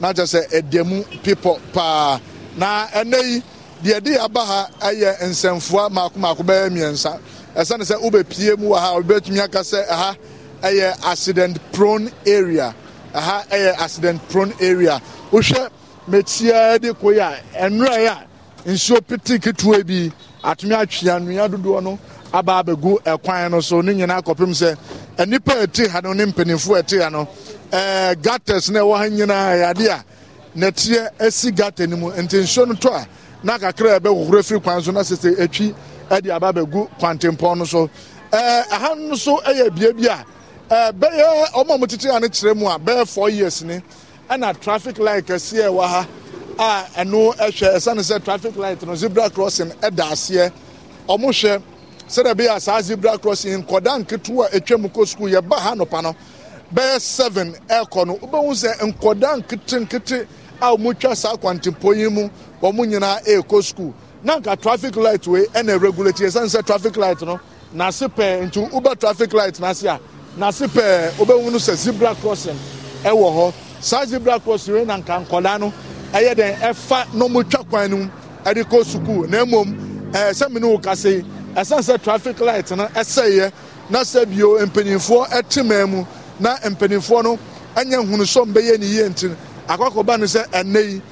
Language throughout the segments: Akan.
na kyerɛ sɛ ɛdeɛ mu pepɔ paa na ɛnɛ yi deɛ de aba ha ɛyɛ nsɛmfua mako mako bɛyɛ mmiɛnsa ɛsɛne sɛ wobɛpie mu wɔ ha wobɛtumi aka sɛ ɛha ɛyɛ accident prone area ɛha ɛyɛ accident prone area wohwɛ mɛtia de kɔ yi a ɛnwerɛ a nsuo pete ketewa bi atumi atwe anwea dodoɔ no aba abɛgu ɛkwan no so ne nyinaa kɔpem sɛ nnipa ɛti ha no ne mpanimfoɔ ɛti ha no ɛɛ gatas na ɛwɔ ha nyinaa yɛade a nɛteɛ asi gata no mu nti nsuo no tɔ a na kakra ɛbɛhohoro firi kwan so na sese atwi ɛde aba abɛgu kwantempɔn no so ɛɛ ɛha no so ɛyɛ bea bi a ɛɛ bɛyɛ wɔn a wɔtete ha kyerɛ mu a bɛyɛ four years ni ɛna traffic light kɛseɛ ɛwɔ ha a ɛno ɛhwɛ ɛsan sɛ traffic light no zebra crossing ɛda aseɛ wɔn sɛdeɛ ɛbɛyɛ a saa crossing nkɔda nketewa atwa mu kɔ sukuu yɛba ha no bɛyɛ seven ɛrekɔ no wobɛhu sɛ nkɔda nketenkete a wɔtwa saa kwantempɔ yi mu wɔn nyinaa ɛrekɔ sukuu na nka traffic light wei ɛna regulate yɛsɛn sɛ traffic light no n'ase pɛɛ nti wobɛ traffic light n'ase a n'ase pɛɛ wobɛhu no sɛ zibra crossing ɛwɔ hɔ saa zibra crossing na nka nkɔda no ɛyɛ ɛsiane sɛ traffic light no yɛ, na sɛ bio mpanyinfoɔ ɛte man mu na mpanyinfoɔ no ɛnyɛ nhunusɔm bɛyɛ ne yie nti akɔkɔba no sɛ ɛnɛ yi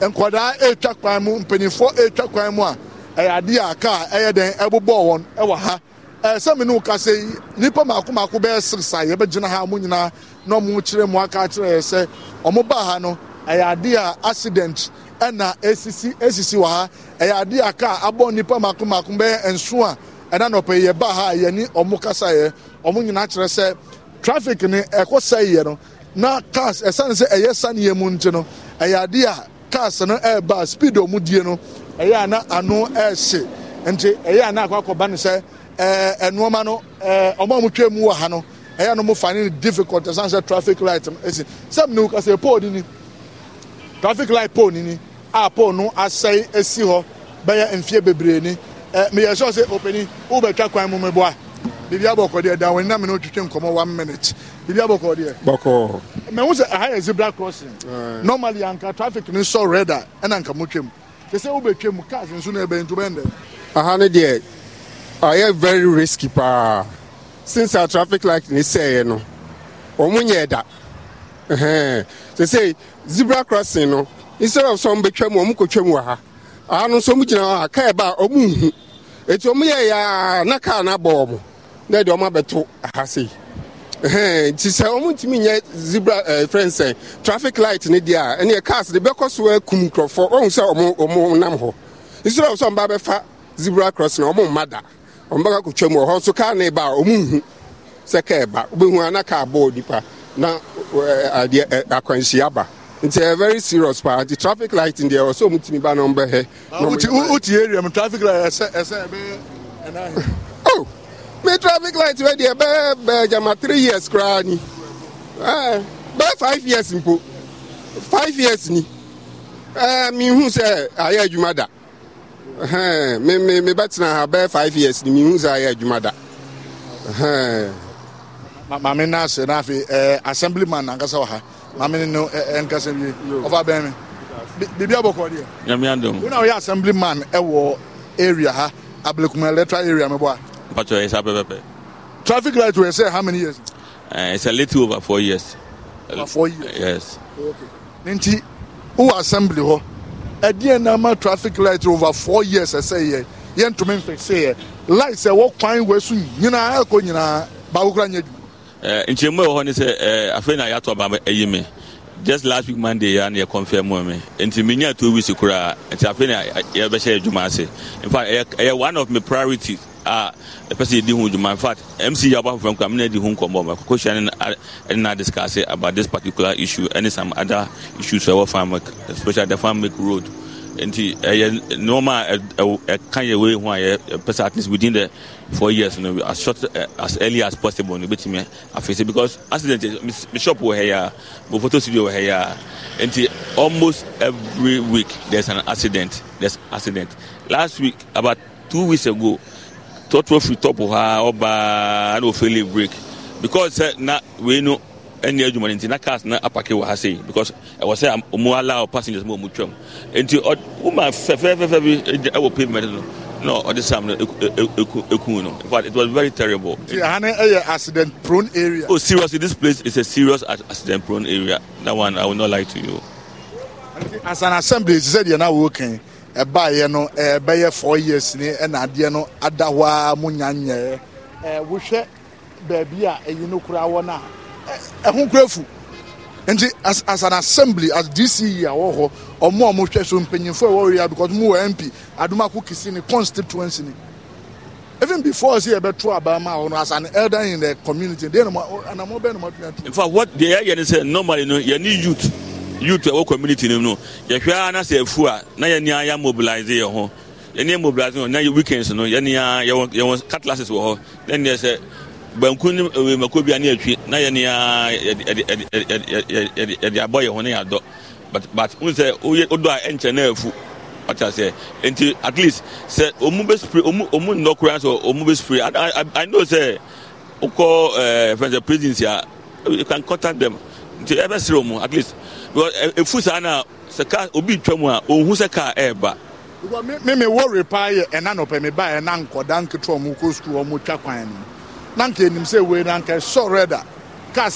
nkwadaa ɛretwa kwan mu mpanyinfoɔ ɛretwa kwan mu a ɛyɛ adeɛ a kaa ɛyɛ dɛn ɛbobɔ wɔn ɛwɔ ha ɛsɛ mi ne wo kasa yi nipa mako mako bɛyɛ sirisa yɛbɛgyina ha mo nyinaa na ɔmo kyerɛ mu aka kyerɛ yɛ sɛ ɔmo baa ha no ɛyɛ adeɛ a accident ɛna esisi esisi wɔ ha ɛyɛ adeɛ a kaa abɔ nipa mako mako bɛyɛ nso a ɛna nɔpɛ yɛ ba ha yɛ ni ɔmo kasa yɛ ɔmo nyinaa kyerɛ sɛ trafik ni ɛkɔ sɛ yɛ no na cars ɛsan sɛ ɛyɛ saneɛ mu nti no ɛyɛ adeɛ a cars no ɛɛba speed a ɔmo die no ɛyɛ a na ano ɛɛhye nti ɛyɛ a akɔ akɔba sɛ ɛɛ ɛnoɔma no ɛɛ ɔmo a mo twɛ mu wɔ ha no ɛyɛ no mo fa ne difficult ɛsan sɛ light no esi pole ni ni light pole ni ni. apple no asɛe asi hɔ bɛyɛ mfeɛ bebree ni meyɛ ube sɛ emume wobɛtwa kwan mu meboa biribi abɔkɔdeɛ da wɔn nam ne otwitwe nkɔmɔ one minute biribi abɔkɔdeɛ. bɔkɔ. mɛhu sɛ aha yɛ zebra crossing. normally anka traffic ni sɔ red ɛna nka mo twɛm te sɛ wobɛ twɛm cars nso na ɛbɛn ntoma ɛndɛ. aha ne deɛ very risky paa since our traffic light ni no wɔn nyɛ da te sɛ zebra crossing no. instead of sɛ ɔmbɛtwa mu ɔmo kɔtwa mu wɔ ha ano ah, nso ɔmo gyina hɔ a kaa ba a ɔmo nhu eti ɔmo yɛ yaa na kaa na abɔ ɔmo na ɛde ɔmo abɛto aha se ɛhɛn ti sɛ ɔmo ntumi nyɛ zebra ɛɛ eh, fɛn traffic light ne deɛ a ɛnna cars de bɛkɔ so akum nkorɔfoɔ ɔmo sɛ ɔmo ɔmo nam hɔ instead of sɛ ɔmo abɛfa zebra crossing ɔmo mma da ɔmo bɛka kɔtwa mu wɔ hɔ nso kaa na ba a ɔmo nhu sɛ kaa ba ɔbɛhu a na kaa bɔɔ nipa eh, eh, ba nti ɛ very serious paa nti traffic light in deɛ ɛwɔ sɛ ɔmutumi ba nɔmba hɛ. wotu area mu traffic light ɛsɛ ɛsɛ ɛbɛyɛ ɛnan. o mi traffic light wɛ deɛ bɛɛ bɛɛ jama three years koraa ni ɛɛ eh, bɛɛ five years mpo five years ni ɛɛ eh, mi hu sɛ ayɛ adwuma da ɛɛ eh, mi mi mi bɛ tena ha bɛɛ five years ni mi hu sɛ ayɛ adwuma da ɛɛ. maame naase n'afe ɛɛ assemblyman nankasa wɔ ha maame ne no ɛnkasa wie ɔfa bɛn mi biribi abɔkɔ deɛ. nyamia dɔm. wọn a wɔyɛ assembly man ɛwɔ area ha abilekumɛ electoral area mi bɔ a. mpatsɔ yɛ sá pɛpɛpɛ. traffic light wɛ sɛ how many years. Uh, it's a little over four years. over four years. yes. ne nti wowɔ assembly hɔ ɛdeɛ na ama traffic light over four years ɛsɛ yɛ yɛntumi nfɛ sɛ yɛ light sɛ wɔ kwan wɔ so nyinaa ɛkɔ nyinaa baako kura nyɛ dwuma. Eh, nkyɛnmu ɛwɔ hɔ ne sɛ eh, afei na yɛato aba ɛyi me just last week monday yɛ ana yɛ confirm me nti menya two weeks koraa nti afei na yɛbɛhyɛ adwuma ase in fact ɛyɛ one of my priorities a ɛpɛ sɛ yɛdi ho dwuma in fact mc yabɔ afɔfam kora mena di ho nkɔmmɔ mako hyia ne na discuss about this particular issue ɛne some other issues ɛwɔ farm especially the farm make road nti ɛyɛ normal a ɛka yɛ wei ho a yɛpɛ sɛ at least within the For years you know, as short uh, as early as possible you no betumi afeese because accident mi shop wɔ ha ya mo photo studio wɔ ha ya nti almost every week there's an accident there's accident last week about two weeks ago tɔtɔ fi top ha ɔbaa na ofele break because uh, na wei no ɛni adwuma no nti na cars na apake wɔ ha sei because ɛwɔ sɛ ɔmo allow passengers mo ɔmo twɛm nti ɔmo fɛfɛɛfɛ bi ɛwɔ pavement no. No, at this time, Ekuno. In fact, it was very terrible. Hane, eh, a accident prone area. Oh, seriously, this place is a serious accident prone area. That one, I will not lie to you. As an assembly, you said you're not working. ɛba yɛ no ɛbɛyɛ four years ni ɛna eh, adeɛ no ada hɔ a mo nya nyɛ eh. ɛɛ wohwɛ baabi a ɛyi no kura wɔ no a ɛho kura fu nti as as an assembly as dce awɔ hɔ ɔmo a ɔmo hwɛ so mpanyinfo a wɔwɔ yia because mo wɔ mp adumako kisi ni constituency ni even before sɛ yɛbɛto abama hɔ no as an elder in the community deɛ anamɔ bɛɛ na mo atumi ato. in fact what deɛ yɛyɛ ni sɛ normally no yɛ ni youth youth ɛwɔ community nim no yɛhwɛ ara sɛ efu a na yɛ ni ayɛ mobilize yɛ ho yɛ ni yɛ mobilize yɛ ho na yɛ weekends no yɛ ni yɛ yɛ wɔ cutlasses wɔ hɔ yɛ ni yɛ sɛ banku ne mako bi ani atwi na yɛ nea yɛde abɔ yɛ ho ne yɛadɔ but but n sɛ woyɛ wodɔ a ɛnkyɛ na efu wata sɛ nti at least sɛ ɔmu bɛ spray ɔmu ɔmu nnɔ kura sɛ ɔmu bɛ spray i i i know sɛ wokɔ ɛɛ fɛn sɛ presidency a you can contact them nti ɛbɛ sere ɔmu at least because efu saa na sɛ car obi twɛ mu a ohun sɛ car ɛɛba. mímí wo repa yɛ ɛnanɔpɛ mi ba ɛnankɔda nketewa mu kó sukuu wɔn mu twa kwan mu. na nka anim sɛ na nka sɔ rɛda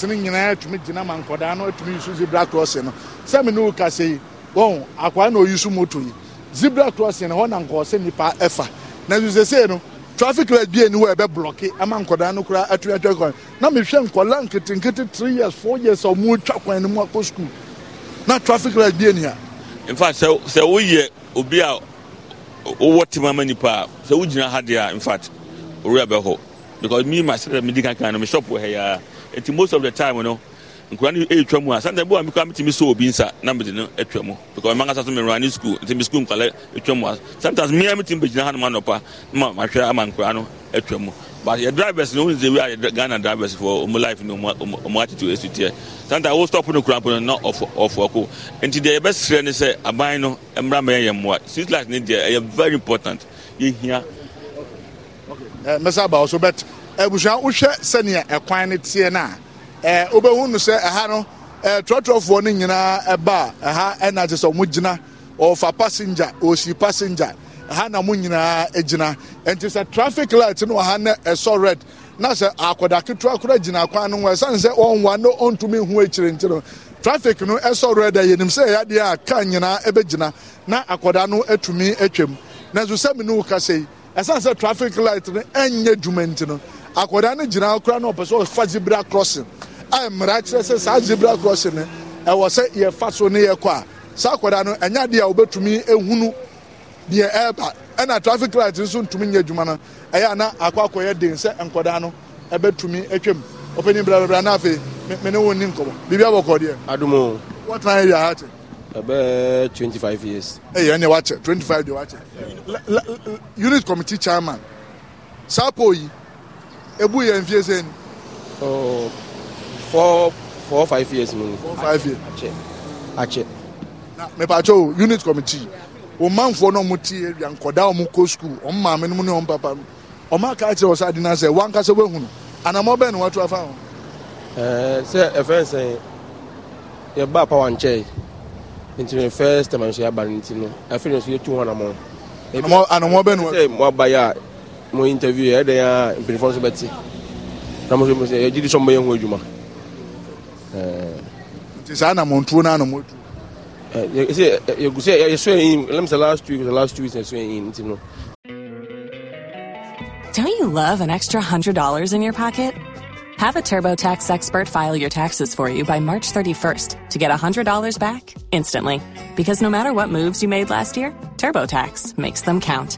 ni no nyinaa atumi gyina ma nkɔdaa no atumi yusu zibra crossing no sɛmi ne wo kasa yi wɔn akwaa na oyusu moto yi zibra crossing no hɔ na nkɔɔsɛ nipa ɛfa na sese no trafik light bi eni hɔ ɛbɛ blɔki e, ama nkɔdaa no kura atumi atwa kwan na mehwɛ nkɔla nketenkete three years four years a wɔn atwa kwan no mu akɔ na trafik light bi eni ha. nfa sɛ sɛ woyɛ obi a wowɔ tema ma nipa sɛ wogyina ha deɛ a nfa owura bɛ hɔ. because me myself me di kan kan no me shop wɔ ha ya most of the time no nkura no ɛretwa eh, mu a ah. sometimes bi wa mi kura mi ti mi so obi nsa na mi di no ɛtwa eh, mu because mma nkasa so mi running school nti mi school nkwalɛ ɛtwa eh, mu a ah. sometimes mmea mi ti mi gyina hanom anɔpa na ma ma hwɛ ama nkura no ɛtwa mu but yɛ drivers no wɔn nze wi a yɛ ghana drivers for ɔmo um, life no ɔmo um, um, attitude esi tiɛ sometimes wɔn stop no kura no na ɔfɔ ɔkɔ nti deɛ yɛbɛsrɛ ne sɛ aban no mmra mɛ yɛ mmoa street light ne deɛ ɛyɛ very important yɛ hia. mɛsa ba ɔso bɛt Ebusua wohwɛ sɛnea ɛkwan no teɛ no a wobɛhu no sɛ ɛha no trɔtrɔfoɔ no nyinaa ɛba a ɛha ɛna te sɛ ɔmo gyina ɔfa passenger ɔsi passenger ɛha na mo nyinaa gyina nti sɛ traffic light no ɔha no ɛsɔ red na sɛ akɔda ketewa koraa gyina kwan no ho ɛsiane sɛ ɔnwa no ɔntumi ho akyire nti no traffic no ɛsɔ red a yɛnim sɛ ɛyɛ adeɛ a kaa nyinaa ɛbɛgyina na akɔda no atumi atwam nanso sɛ me ne wo kasa yi ɛsiane sɛ traffic light no ɛnyɛ dwuma nti no akwadaa no gyina koraa na ɔpɛ sɛ ɔfa zebra crossing a mmara kyerɛ sɛ saa zebra crossing no ɛwɔ sɛ yɛfa so ne yɛkɔ a saa akwadaa no ɛnyɛ adeɛ a wobɛtumi ehunu deɛ ɛɛba ɛna traffic light nso ntumi nyɛ adwuma no ɛyɛ ana akɔ akɔyɛ den sɛ nkwadaa no ɛbɛtumi atwam ɔpanyin brabra na afei me ne wɔn ni nkɔmɔ biribi abɔ kɔ adumu. what na yɛ yɛ akyɛ. ɛbɛ twenty five years. ɛyɛ ɛna wakyɛ twenty five de unit committee chairman saa yi. ebu yɛ nfie sɛn. Oh, four four five years mu. four five years. akyɛ akyɛ. na mipatso unit committee o manfoɔ náà mo ti yɛ nkɔda ɔmo kó sukuu ɔmo maame no mu ne ɔmo papa no ɔmo aka akyerɛ ɔsɛ adi na sɛ wɔn ankasa wɔn ehunu anamɔ bɛn na wɔn afa wɔn. ɛɛ eh, sɛ ɛfɛn e sɛn yɛ e ba power nkyɛn nti ne first time a nso yɛ aba ne ti no afei e ne nso yɛ tu wɔn anamɔ. anamɔ anamɔ bɛn na wɔn. sɛ mo aba yɛ a. mo interview yɛ ɛdɛn a mpanyinfoɔ nso bɛte na mo nso mo sɛ yɛgye di sɛ mo bɛyɛ ho adwuma. nti saa na mo ntuo naa na mo tu. yɛsɛ yɛgu sɛ yɛsɔ yɛn in uh, uh, uh, lem sɛ last week last two weeks yɛsɔ yɛn in nti no. Don't you love an extra $100 in your pocket? Have a TurboTax expert file your taxes for you by March 31st to get $100 back instantly. Because no matter what moves you made last year, TurboTax makes them count.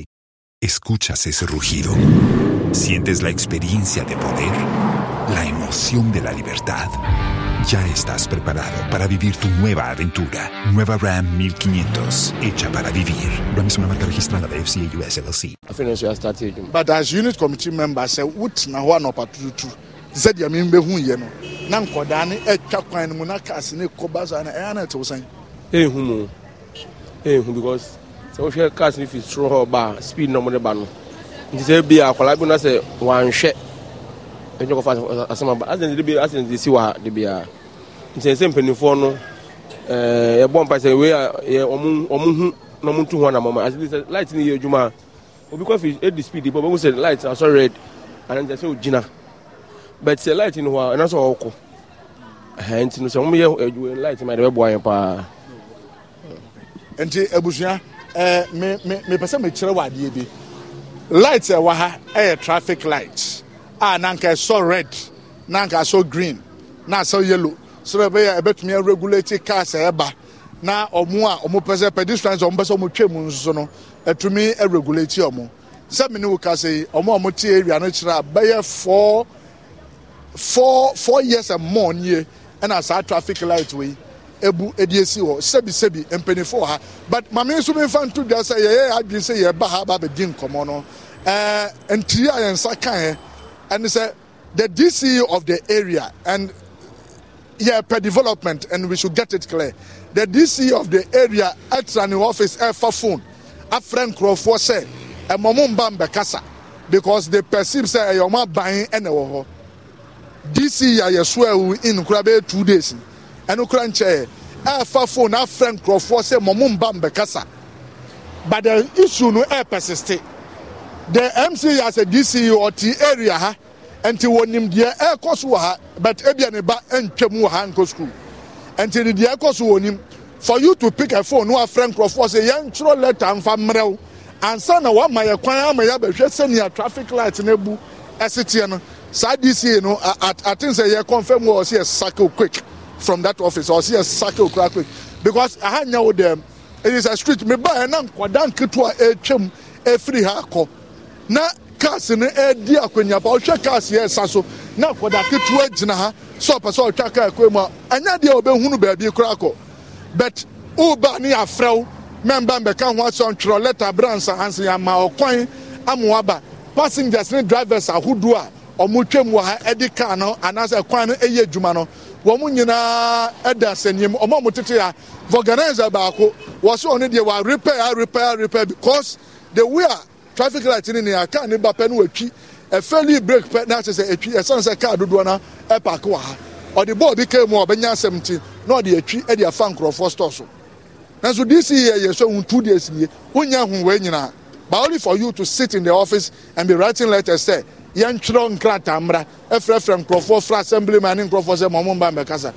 Escuchas ese rugido. Sientes la experiencia de poder, la emoción de la libertad. Ya estás preparado para vivir tu nueva aventura. Nueva Ram 1500, hecha para vivir. Ram es una marca registrada de FCA US LLC. I finished your strategy. But as unit committee member, said, eh, what na ho anopa patutu? Zed ya min behu ye no. Na nkoda ne atwa kwan mu na cars ne e hu Eh hu eh, eh, because sɛ wohwɛ cars no fi soro hɔ ba a speed na ɔmode ba no nti sɛ bi akwaraa bi na sɛ wanhwɛ ɛnyɛ kɔfa asɛm aba accident de wɔ de biara nti sɛ mpanimfoɔ no yɛbɔ mpa sɛ a yɛ ɔmo ɔmo hu na ɔmo ntu ho anam ɔmo ase sɛ light no yɛ adwuma a obi kɔ fi edi speed bɔ ɔmo sɛ light asɔ red ana nti sɛ ogyina but sɛ light no hɔ a ɛna sɛ ɔkɔ ɛhɛn nti no sɛ ɔmo yɛ light ma yɛ de bɛ paa. nti abusua. mepɛ sɛ mekyerɛ wɔ adeɛ bi light ɛwɔ eh, ha ɛyɛ eh, traffic light a ah, nanka nka eh, ɛsɔ red nanka nka ɛsɔ green na asɔ yellow sɛ ɛbɛyɛ ɛbɛtumi regulate cars ɛɛba na ɔmo a ɔmo pɛ sɛ pedestrians ɔmo pɛ sɛ ɔmo twɛ mu nso no ɛtumi regulate ɔmo sɛ mene wo kasa yi ɔmo a ɔmo te area no kyerɛ a bɛyɛ four four four years and more nie ɛna saa traffic light wɔ yi. ebu edi esi sebi sebi mpanyinfo ha but maame nso mi nfa nto dua sɛ yɛyɛ adwene sɛ yɛba ha aba abɛdi nkɔmɔ no ɛɛ ntiri a yɛn nsa kan yɛ ɛne sɛ the DC of the area and yeah, per development, and we should get it clear. The DC of the area at Rani office Airfa phone, a friend Crawford said, a momum because they perceive you're not buying and a DC, I swear, in Krabe two days. ɛno kora nkyɛn ɛɛfa phone afrɛ nkurɔfoɔ sɛ mɔmu mba mbɛkasa but the issue no ɛɛpɛsiste the mc yɛ a dc ɔte area ha nti wɔnim deɛ ɛɛkɔ so wɔ ha but ebia ne ba ntwa mu wɔ ha nkɔ school nti ne deɛ ɛkɔ so wɔ nim for you to pick a phone no afrɛ nkurɔfoɔ sɛ yɛn twerɛ letter nfa mmerɛw ansa na wama yɛ kwan ama yɛ abɛhwɛ sɛnea traffic light no abu ɛsi teɛ no saa dc e no atensɛ yɛ confirm wɔ sɛ yɛ circle quick from that office or see a circle crack quick because aha had now them. It is a street. Me buy an uncle, dan kitua e e e a chum, a Na cars in a dear quenya, or check cars yes, so now for that kitua ha so pass all chaka quema, and ɛnya the ɔbɛhunu baabi baby cracko. But Uba ni a frow, member become what's on letter brands and ama my coin, Passengers and drivers are who do a or mutual car no, and as a coin a wɔn nyinaa ɛda asɛnniam wɔn a wɔtete ha vulcanizer baako wɔso ɔno deɛ wa repair repair repair because the way a traffic light ni nea kaa ne ba pɛ no wɔatwi ɛfɛli brake pɛ na kyerɛ sɛ atwi ɛsan sɛ kaa dodoɔ na ɛpaaki wɔ ha ɔde bɔɔl bi kaa mu a ɔbɛnya asɛm ti na ɔde atwi ɛde afa nkorɔfoɔ store so nanso dc yɛ yɛ so ohun two days nie wonya ahun wɔ nyinaa but only for you to sit in the office and be writing letters there yɛntwerɛ nkrataa mmra ɛfrɛfrɛ nkurɔfoɔ fra assembly ma ne nkurɔfoɔ sɛ mɔmo mba mbɛkasa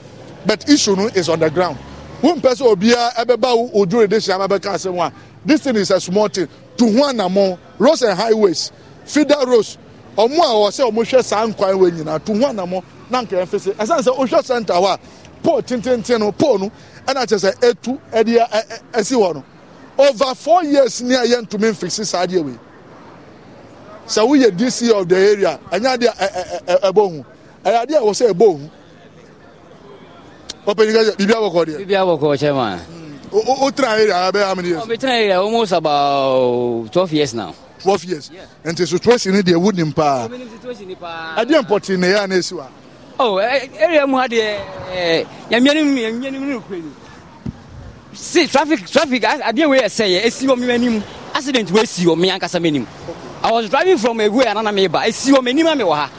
but issue no is on the ground wompɛ sɛ obiaa ɛbɛba wo odwore de hyia bɛbɛka asɛm a this thing is a small thing to ho anammɔ roads and highways feeder roads ɔmo a ɔwɔ sɛ ɔmo hwɛ saa nkwan wɔ nyinaa to ho anammɔ na nkran fese ɛsan sɛ ohwɛ center hɔ a pole tententen no pole no ɛna kyerɛ sɛ etu ɛde ɛsi hɔ no over four years ni a yɛntumi nfisi saa adeɛ wei sɛ woyɛ dc of the area ɛnyɛ adeɛ ɛbɔ hu ɛyɛ adeɛ a wɔ sɛ ɛbɔ hu ɔpɛnyin kɛsɛ biribi abɔkɔ deɛ. biribi abɔkɔ kyɛ ma. o o tena area abɛ how many years. mi tena area almost about twelve years now. twelve years nti situation ni deɛ wudi paa adeɛ mpɔtee na ɛyɛ a na esi wa. ɔ oh, area mu ha deɛ ɛɛ yamia ni mu yamia ni mu ni okure ni si traffic traffic adeɛ wo yɛ sɛ yɛ esi wɔ mi anim accident wo esi wɔ mi ankasa mi anim. I was driving from Ewe and Anameba. I see you many mamma.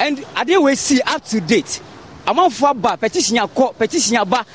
And I didn't wait see up to date. I'm on for bar, petition your court, petition your bar.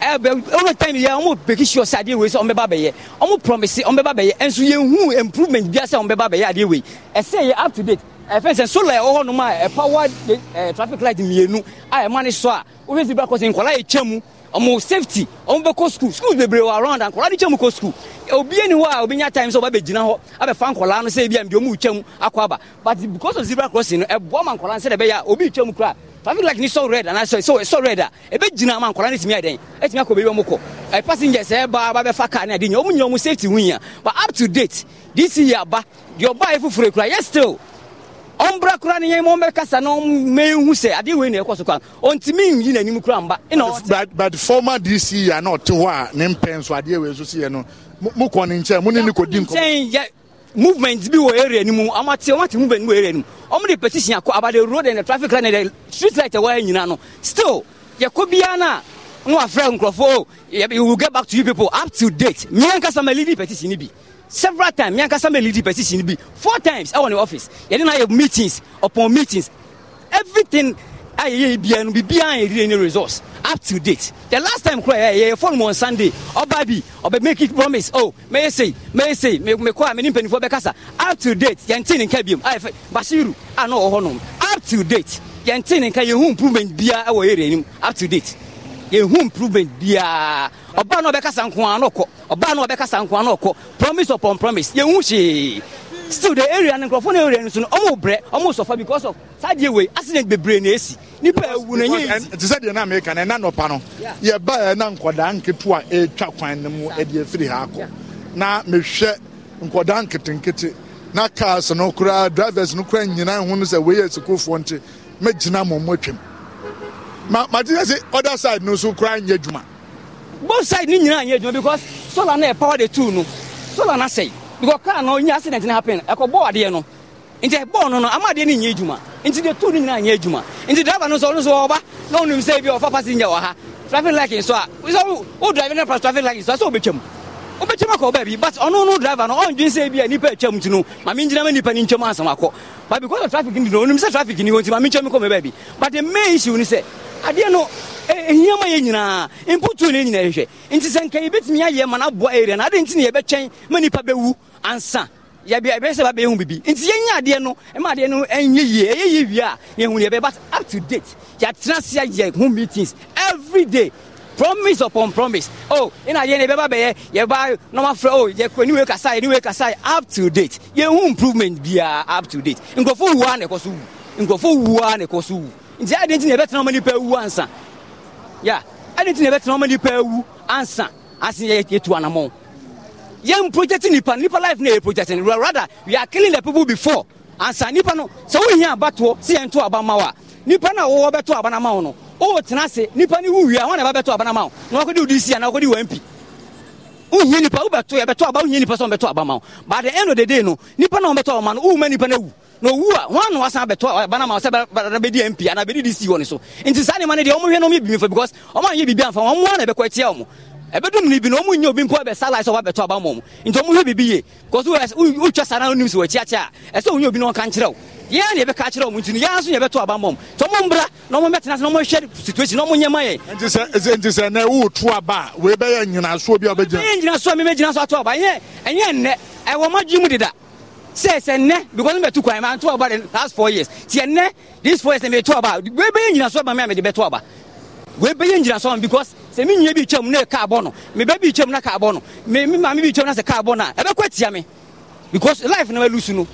Eh, over time, yeah, I'm going to pick your side ways on the baby. I'm going promise on the baby. And so you improvement just on the baby. I did way. I say up to date. ɛfɛnsɛ sola ɛwɔ hɔ nom a ɛpawa traffic light mmienu a ɛma ne so a wobɛsi ba kɔsɛ nkɔla yɛ kyɛ mu ɔmo safety ɔmo bɛkɔ school school bebree wɔ around nkɔla de kyɛn mu kɔ school obiɛ ni hɔ a obi nya time sɛ ɔba bɛgyina hɔ abɛfa nkɔla no sɛ ebi a mbi ɔmo mu akɔ aba but because of zebra crossing no ɛboa ma nkɔla sɛ ɛbɛyɛ a obi twɛn mu kora traffic light ni sɔ red anaasɛ sɔ sɔ red a ɛbɛgyina ma nkɔla ne tumi ayɛ dɛn ɛtumi akɔ beebi ɔmo kɔ ɛ passengers ɛba aba bɛfa car ne adi nya ɔmo nya ɔmo safety hu nya but up to date this year aba deɛ ɔbaa yɛ foforɔ ekura yɛ still ɔmbra kora ne yɛn ɔmbɛ kasa na ɔmɛhu sɛ adeɛ wei na ɛkɔ so kora ɔntumi nyi n'anim kora mba ɛna but but former dc a na ɔte hɔ a ne mpɛn so adeɛ wei so seɛ no mo kɔ ne nkyɛn mo ne ne kɔ di nkɔmɔ. nkyɛn movement bi wɔ area ni mu ɔmo ate ɔmo ate movement bi wɔ area ni mu ɔmo de petition akɔ about the road and the traffic light and street light ɛwɔ yɛ nyinaa no still yɛkɔ biara na n wa fɛ nkurɔfoɔ we will get back to you people up to date mi ankasa ma leading petition ni bi several times miankasa mi lead petition bi four times ɛwɔ ne office yɛde na yɛ meetings upon meetings everything a yɛyɛ biara no biribiara yɛ yɛde ne resource up to date the last time kora yɛ yɛ fɔlum on sunday ɔbaa bi ɔbɛ make it promise oh mɛyɛ sey mɛyɛ sey mɛ kɔ a mɛ ne mpanyinfoɔ bɛ kasa up to date yɛn ti ne nka biam ayɛ fɛ basiru a na ɔwɔ hɔ oh, nom up to date yɛn ti ne nka yɛn ho improvement bia. ɛwɔ yɛrɛ anim up to date. yɛhu improvement biaa ɔbaa na ɔbɛkasa nkoa na ɔkɔ ɔbaa na ɔbɛkasa nkoa promise upon promise yɛhu hyee still the area no nkurɔfoɔ no area no so no ɔmo brɛ ɔmo sɔfa saa wei accident bebree na esi nipa ewu na nye easy. sɛ deɛ na meka na ɛna nɔpa no yɛba nkɔdaa nketewa etwa kwan no mu ɛde efiri ha akɔ na mehwɛ nkɔdaa nketenkete na cars no koraa drivers no koraa nyinaa no sɛ wei yɛ sukuufoɔ nti ma ma ti sɛ other side no so kura nyɛ adwuma. both side ni nyinaa nyɛ adwuma because solar na e power the two no solar na sɛn because car no onye accident na happen ɛkɔ e bɔɔl adeɛ no nti e bɔɔl no no ama adeɛ ni nyɛ adwuma nti the two ni nyinaa nyɛ adwuma nti driver no nso ɔno nso ɔba na ɔnum sɛ ebi ɔfa passenger wɔ ha traffic light nso a o drive ne pass traffic light nso a sɛ ɔbɛtwam wobɛkyɛm akɔ baabi but ɔno no driver no ɔndwen sɛ bi a nnipa atwam nti no mame ngyina ma nnipa no nkyɛm ansam akɔ but because of traffic ndi no ɔnim sɛ traffic ni hɔ nti mame nkyɛm kɔmɛ baabi but the main issue e, e, ne sɛ adeɛ no ɛhia e ma yɛ nyinaa mputu no nyina hwehwɛ nti sɛ nka yɛbɛtumi ayɛ ma no aboa area no ade nti ne yɛbɛkyɛn ma nnipa bɛwu ansa yɛbɛyɛ sɛ babɛyɛ ho bibi nti yɛnya adeɛ no ɛma adeɛ no ɛnyɛ yie ɛyɛ yie wie a yɛhu ne yɛbɛyɛ but up to date yɛatena se ayɛ ho meetings every day promise upon promise oh ina yẹn ni bẹba bẹyẹ yẹ ba normal fẹ oh yẹ kọ niwe kasa yẹ niwe kasa yẹ up to date yẹ hu improvement bi ya up to date nkurɔfo wua na ɛkɔ so wu nkurɔfo wua na ɛkɔ so wu nti adi nti na yɛbɛtena e ɔmo nipa ewu ansa ya adi nti na yɛbɛtena e ɔmo nipa ewu ansa asi yɛ yɛ tu anamɔ yɛn projecting nipa nipa life na yɛ e projecting rather we are killing the people before ansa nipa no sɛ wo yin abatoɔ si yɛn to abamawa nipa na wɔwɔ bɛto abanamaw no wowɔ tena ase nipa ne wowie a hɔ na ɛbɛbɛtɔ aba no ma wo na wakɔde wodi si a na wakɔde wampi wohia nipa wobɛto ɛbɛtɔ aba wohia nipa sɛ ɔbɛtɔ aba ma wo but the end of the day no nipa na wɔbɛtɔ ɔma no wowuma nipa no awu na owu a wọn anu asan abɛtɔ abana ma sɛ bɛdi mp ana bɛdi dc wɔ ne so nti saa nneɛma no deɛ wɔn hwɛ na wɔn yɛ bibi fa because wɔn anyɛ bibi anfa wɔn mu ana ɛbɛkɔ ɛtia wɔn ɛbɛdum ne bi na ɔmu nya obi mpo ɛbɛsa lai sɛ wɔabɛtɔ aba mmɔ nti ɔmu hwɛ biribi ye kɔso wotwa saa na wonim sɛ wɔakyiakyia a ɛsɛ wonya obi na ɔka nkyerɛ wo yɛn ne yɛbɛka akyerɛ ɔmo nti no yɛn nso yɛ bɛtɔ aba mmɔ mu nti ɔmo mbra na ɔmo mɛtena ase na ɔmo hwɛ situation na ɔmo nyɛ ma yɛ. nti sɛ nti sɛ na ewu tu aba a wei bɛyɛ nyinasoɔ bi a bɛ gyina ɛyɛ ɛyɛ nnɛ ɛwɔ ma dwi mu deda because mbɛ tu kwan ma ato aba the last four years ti ɛnnɛ these four years na mbɛ to aba wei bɛyɛ nyinasoɔ ba mi a mbɛ de bɛto aba webɛyɛ ngyina sɔn because sɛ me nua bi twam na ɛka abɔ no meba bi twam na ka abɔ no me maame bi twam na sɛ ka abɔ no a ɛbɛkɔ atia me because life na malusu no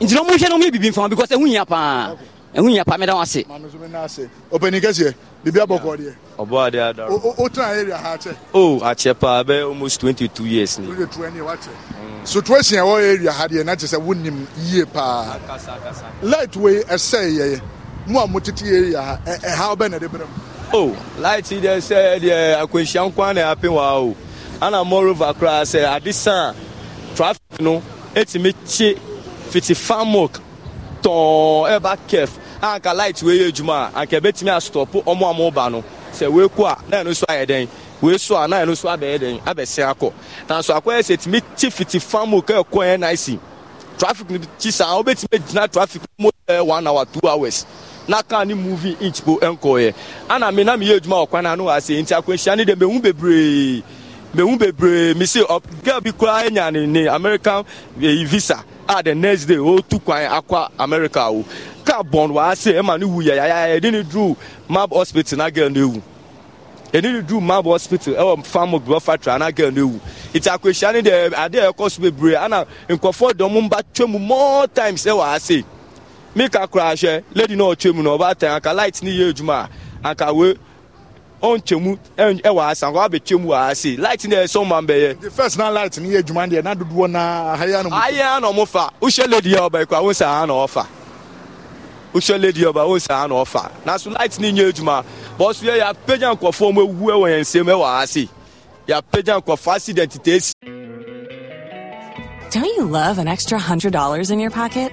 nti na ɔmohwɛ na ɔmoyɛ biribi mfa because ɛho hia paa ɛho hia paa meda wo ase ɔpani kɛseɛ biribi abɔkɔɔ deɛ ɔbɔ adeɛ adaro wotena area ha akyɛ o oh, akyɛ paa bɛyɛ almost 22 years ni situation ɛwɔ area ha deɛ na kyɛ sɛ wonim yie paa light wei ɛsɛe yɛyɛ mo a motete area ha ɛha wobɛ na de berɛ mu o oh, light deɛ sɛ deɛ akwanhyia nkwa na ɛhappen wa o ana moreover koraa sɛ ade san traffic no ɛtumi kye fiti famok tɔn ɛba kɛf a anka light wei yɛ adwuma a anka ɛbɛtumi asotɔpo ɔmo a mo ba no sɛ wei ko a na ɛno nso ayɛ dɛn wei so a na ɛno nso abɛyɛ dɛn abɛsɛ akɔ nanso akɔ yɛ sɛ ɛtumi kye fiti famok ɛkɔ ɛn nice traffic no kyi saa wobɛtumi gyina traffic mo ɛ eh, one hour two hours. n'aka anyị muvi inch bụ nkoye ana m na m ihe ejuma ọkwa na anụ asị nti akwenshi anyị de menwu bebree menwu bebree misi ga biko anya ni american eh, visa a ah, the next day o kwan akwa america o ka bọnd wa asị ema ni wu ya ya ya edini dru mab hospital na gel na-ewu edini dru mab hospital ɛwɔ e farm of factory ana gel na-ewu nti akwenshi anyị de adị ɛkọ e so bebree ana nkɔfọ dọm mba twem more times ɛwɔ e asị. me ka kụrụ ahịa ledi na ọchemu na ọba ta aka light ni ye ejuma aka we on chemu e wa asa ko abe chemu wa ase light ni so ma mbe ye the first na light ni ye ejuma de na dudu na ahịa no ahịa no mo fa u she ledi ya ọba ikwa won sa na ọfa u she ledi ọba won sa na ọfa na so light ni ye ejuma but so ya peja nkọfọ mo ewu e won nsem e ase ya peja nkọfọ accident te Don't you love an extra hundred dollars in your pocket?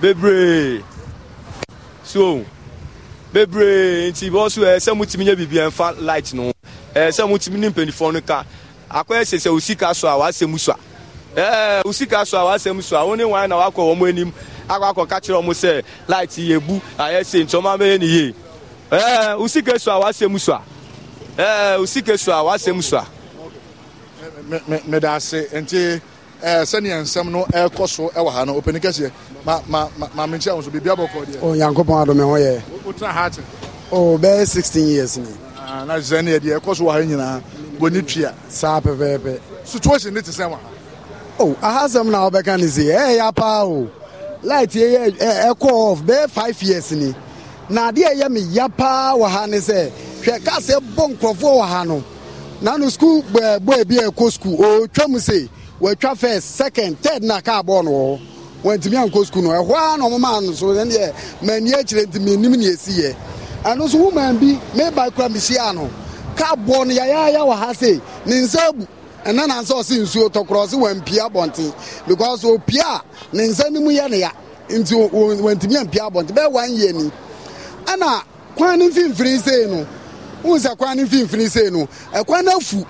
bebree so bebree nti bɔsɔ ɛ sɛ mo timi nye bibi ɛnfa light no ɛ eh, sɛ mo timi ne mpanyinfoɔ no ka akɔyɛ sɛsɛ osika so a wasɛ mu eh, so a ɛɛ osika eh, so a wasɛ mu so a wɔn ne wɔn na wakɔ wɔn anim akɔ akɔ kakyerɛ wɔn sɛ light yɛ bu ayɛ se ntoma bɛyɛ ne yie ɛɛ osika so a wasɛ mu so a ɛɛ osika so a wasɛ mu so a. mɛ mɛ mɛ daase nti. Eh, sɛnea nsɛm no ɛrekɔ so wɔ ha no ɔpani kɛseɛ maame nkyia wo so biribia bɔkɔ deɛ onyankopɔn adome ho yɛ bɛyɛ 16 years ni ah, na sɛ ɛkɔ so wɔ ha nyinaa saa pɛpɛɛpɛ situation ne te sɛ wɔ ha ahasɛm na wobɛka ne sɛ ɛɛyɛ paa o light ɛkɔ off 5 years ni na adeɛ ɛyɛ me ya paa wɔ ha ne sɛ hwɛ kaa bɔ nkurɔfoɔ wɔ ha a wɔatwa first second third na kaa bɔɔl no wɔ hɔ wɔntumi ankɔ sukuu no ɛhɔ ara na ɔmoma no so ɛne yɛ mani akyire nti menim ne ɛsi yɛ ɛno nso woman bi meba kora mehyia no kaa bɔɔl no yɛyɛayɛ wɔ ha sei ne nsa abu ɛna na sɛ ɔse nsuo tɔkorɔ ɔse wampia abɔnten because opia a ne nsa no mu yɛ ne ya nti wantumi ampia abɔnten bɛɛ wan yɛ ni ɛna kwan no mfimfini sei no wohu sɛ kwan no mfimfini sei no ɛkwan afu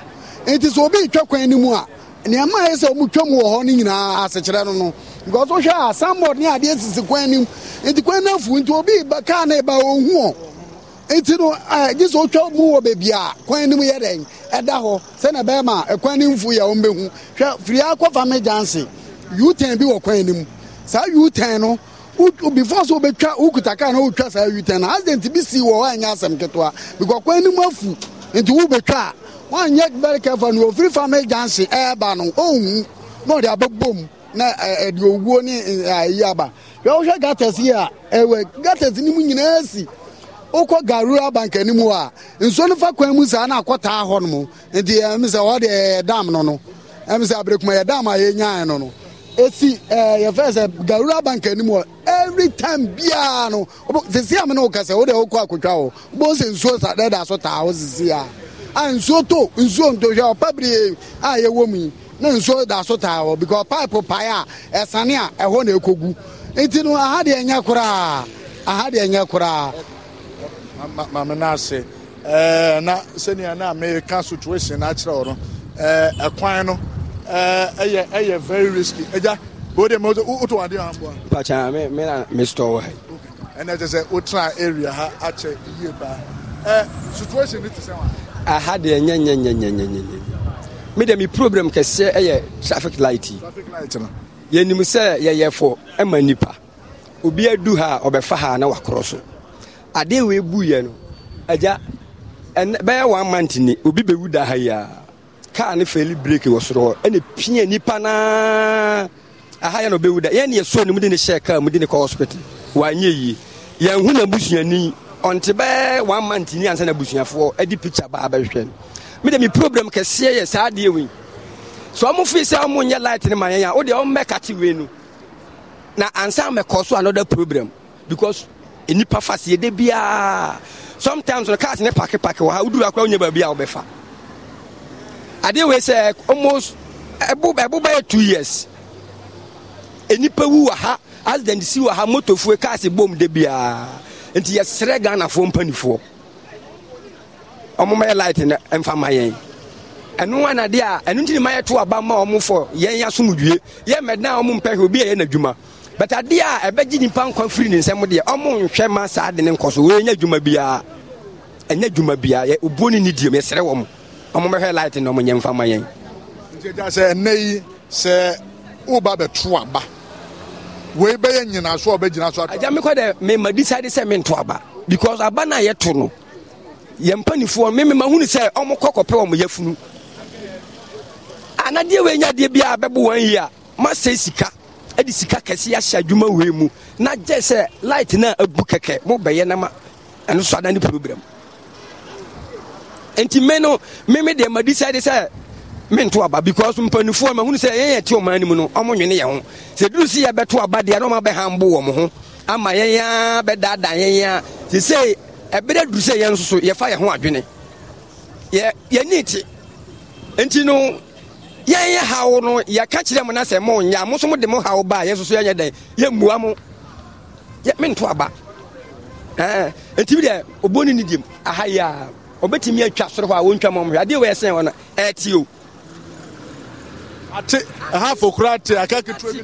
nti sɛ obi retwa kwan no mu a nneɛma a ɛsɛ ɔmo twam wɔ hɔ no nyinaa asekyerɛ no no because wohwɛ a sambod ne adeɛ sisi kwan nim nti kwan no afu nti obi kaa no ba ɔhu ɔ nti no gye sɛ ɔtwa mu wɔ baabi a kwan nim yɛ dɛn ɛda hɔ sɛne bɛrima ɛkwan no mfu yɛ ɔm bɛhu hwɛ firi akɔfa me gyanse u10 bi wɔ kwan nim saa u10 no before sɛ wobɛtwa wokuta kaa na wotwa saa u10 no accident bi sii wɔ hɔ anyɛ asɛm ketewa because kwan nim afu nti wobɛtwa a one yet very careful eh, no free family jansi ɛɛba no ohun na ɔde abɛbom na ɛde eh, eh, owuo ne ayi aba yɛ wohwɛ gatas yi a ɛwɛ gatas ne mu nyinaa si wokɔ garura bank anim a nsuo no fa kwan mu saa na akɔtaa hɔ nom nti ɛm sɛ ɔde dam nọ no ɛm sɛ ya dam a ya no no nọ yɛfɛ sɛ garura bank anim hɔ every time biara no sisi a sisi ne wo ka sɛ wode wokɔ akotwa hɔ bụ ose nso sa dɛda so taa hɔ sisi ya. a ah, nsuo to nsuo ntohwɛ ɔpa bebree a yɛwɔ mu yi na nsuo da so taa hɔ because pipe pae a ɛsane a ɛhɔ na ɛkɔgu nti no aha deɛ nyɛ koraa aha deɛ nyɛ koraa maame no ase eh, na sɛnea na meka situation no akyerɛ wo ɛɛ eh, ɛkwan no eh, ɛyɛ ɛyɛ very risky agya bode ma woto ade amboa pakyɛ me me na me store wɔ ha ɛnɛ kyɛ sɛ wotena area ha akyɛ yie paa situation no te sɛ wa aha deɛ nyɛ nyɛ nyɛ nyɛ nyɛ nyɛ me deɛ me problem kɛseɛ ɛyɛ traffic light yi yɛnim sɛ yɛyɛfo ɛma nipa obi adu ha a ɔbɛfa ha na wakorɔ so adeɛ wei buiɛ no agya ɛn bɛyɛ one month ni obi bɛwu da ha yi a kaa ne fɛli breki wɔ soro hɔ ɛna pia nipa naa aha yɛ no ɔbɛwu da yɛn ne yɛ so ne mu de ne hyɛ kaa mu de ne kɔ hospital wanyɛ yie yɛn ho na busuani ɔnte bɛɛ one month ni ansa na abusuafoɔ de picture baa bɛhwɛ no mede me problem kɛseɛ yɛ saa adeɛ wei so ɔmo fii sɛ ɔmo nyɛ light no ma yɛn a wodeɛ ɔmmɛ kate wei no na ansa mɛkɔ so another problem because enipa fa se yɛde biara sometimes no cars ne pakepake wɔ ha woduru akora wonya baabi a wobɛfa adeɛ wei sɛ almost ɛbo bɛyɛ two years enipa wu wɔ ha accident si wɔ ha motofoe cars bom de biara nti yɛsrɛ ghanafoɔ mpanifoɔ ɔmoma yɛ light no ɛmfa ma yɛn ɛno anadeɛ a ɛno nti ne ma yɛto aba ma ɔmo fɔ yɛn asomdwie yɛ mɛdena a ɔmo mpɛ hwɛ obi a yɛ n'adwuma but adeɛ a ɛbɛgye nnipa nkwa firi ne nsɛm deɛ ɔmo nhwɛ ma saa de ne nkɔ so wɔɛnya adwuma biara ɛnyɛ adwuma biara obuo ne ne diem yɛsrɛ wɔ mo ɔmo mɛhwɛ light no ɔmo nyɛ mfa ma yɛn nti ɛgya sɛ ɛnɛ yi sɛ woba bɛto aba wei bɛyɛ nyina so a ɔbɛgyina so ato agya mekɔ dɛ mema decide sɛ mento aba because aba no a yɛto no yɛ mpanifoɔ no memema hunu sɛ ɔmokɔ kɔpɛ ɔmo yɛfunu anadeɛ wei nya deɛ biaa bɛbo wɔn yi a masɛ sika ade sika kɛse ahyɛ adwuma wei mu na gye sɛ light no a abu kɛkɛ mobɛyɛ na ma ɛno so ada ne problem enti me no meme deɛ ma decide sɛ mento aba because mpanifoɔ mahunu sɛ yɛyɛ te ɔma no mu no ɔmo nwene yɛ ho sɛ duru si yɛbɛto aba deɛ na ɔma bɛhambo wɔ mo ho ama yɛn a bɛdaadaa yɛn a sesei ɛberɛ duru sɛ yɛn nso so yɛfa yɛn ho adwene yɛ yɛni te nti no yɛn yɛ haw no yɛka kyerɛ mo na sɛ mo nyɛ a mo nso mo de mo haw ba a yɛn soso yɛnyɛ dɛn yɛmmua mo yɛ mento aba ɛɛ nti bi deɛ obuoni ni diem aha yi a ɔbɛtumi atwa soro hɔ a wɔntwa mo adeɛ wɔ sɛn wɔ no ɛɛte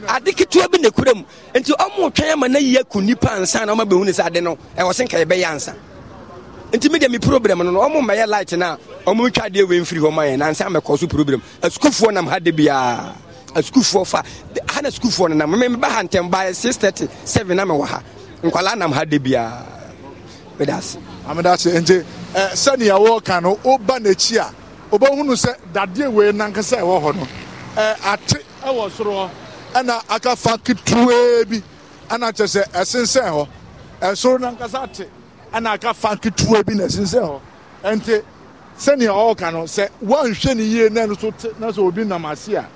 ade ketewa bi na kura mu nti ɔmo twɛn ama na yie ku nipa ansa na ɔmo abɛhu ne sɛ ade no ɛwɔ se nka yɛbɛyɛ ansa nti mi deɛ mi problem no no ɔmo mɛyɛ light na ɔmo twa adeɛ wei mfiri hɔ ma yɛ na ansa mɛkɔ so problem asukufoɔ nam ha de biara asukufoɔ fa ha na asukufoɔ no nam mɛ mɛba ha ntɛm ba six thirty seven na mɛ wɔ ha nkwadaa nam ha de biara mɛda ase. ameda ah, ase nti ɛ eh, sani awɔ kan no o ba n'akyi a o bɛ hunu sɛ dadeɛ wei nankasa ɛwɔ hɔ no. ate wɔ soro hɔ ɛna aka fa ketewaa bi ɛna kyerɛ sɛ ɛsensɛn hɔ ɛsoro no ankasa ate ɛna aka fa ketewaa bi na ɛsensɛn hɔ ɛnti sɛnea ɔreka no sɛ woanhwɛ no yie na ɛno so te na sɛ obi nam ase a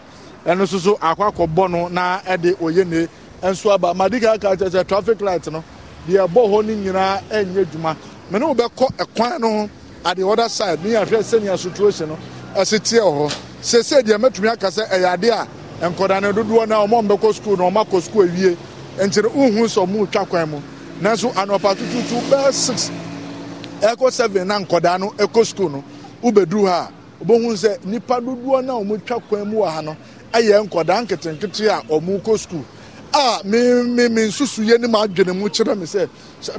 ɛno so so akɔ akɔbɔ no na ɛde oyɛ ne nso aba madi ka aka kyerɛ sɛ traffic light no deɛ ɛbɔ hɔ no nyinaa ɛnyɛ dwuma mene wobɛkɔ ɛkwan no ho ade other side ne yɛahwɛ sɛnea situation no ɛse teɛ wɔ hɔ seesei deɛ mɛtumi aka sɛ ɛyɛ adeɛ a nkɔdaa no dodoɔ no a ɔma ɔmbɛkɔ sukuu na ɔma akɔ sukuu awie nti no sɛ ɔmo retwa kwan mu nanso anɔpa tututu bɛɛ six ɛkɔ seven na nkɔdaa no ɛkɔ sukuu no wobɛduru ha a wobɛhu sɛ nipa dodoɔ na a ɔmo twa kwan mu wɔ ha no ɛyɛ nkɔdaa nketenkete a ɔmo kɔ sukuu a mi mi mi nsusu yɛ ne mu adwene mu kyerɛ mi sɛ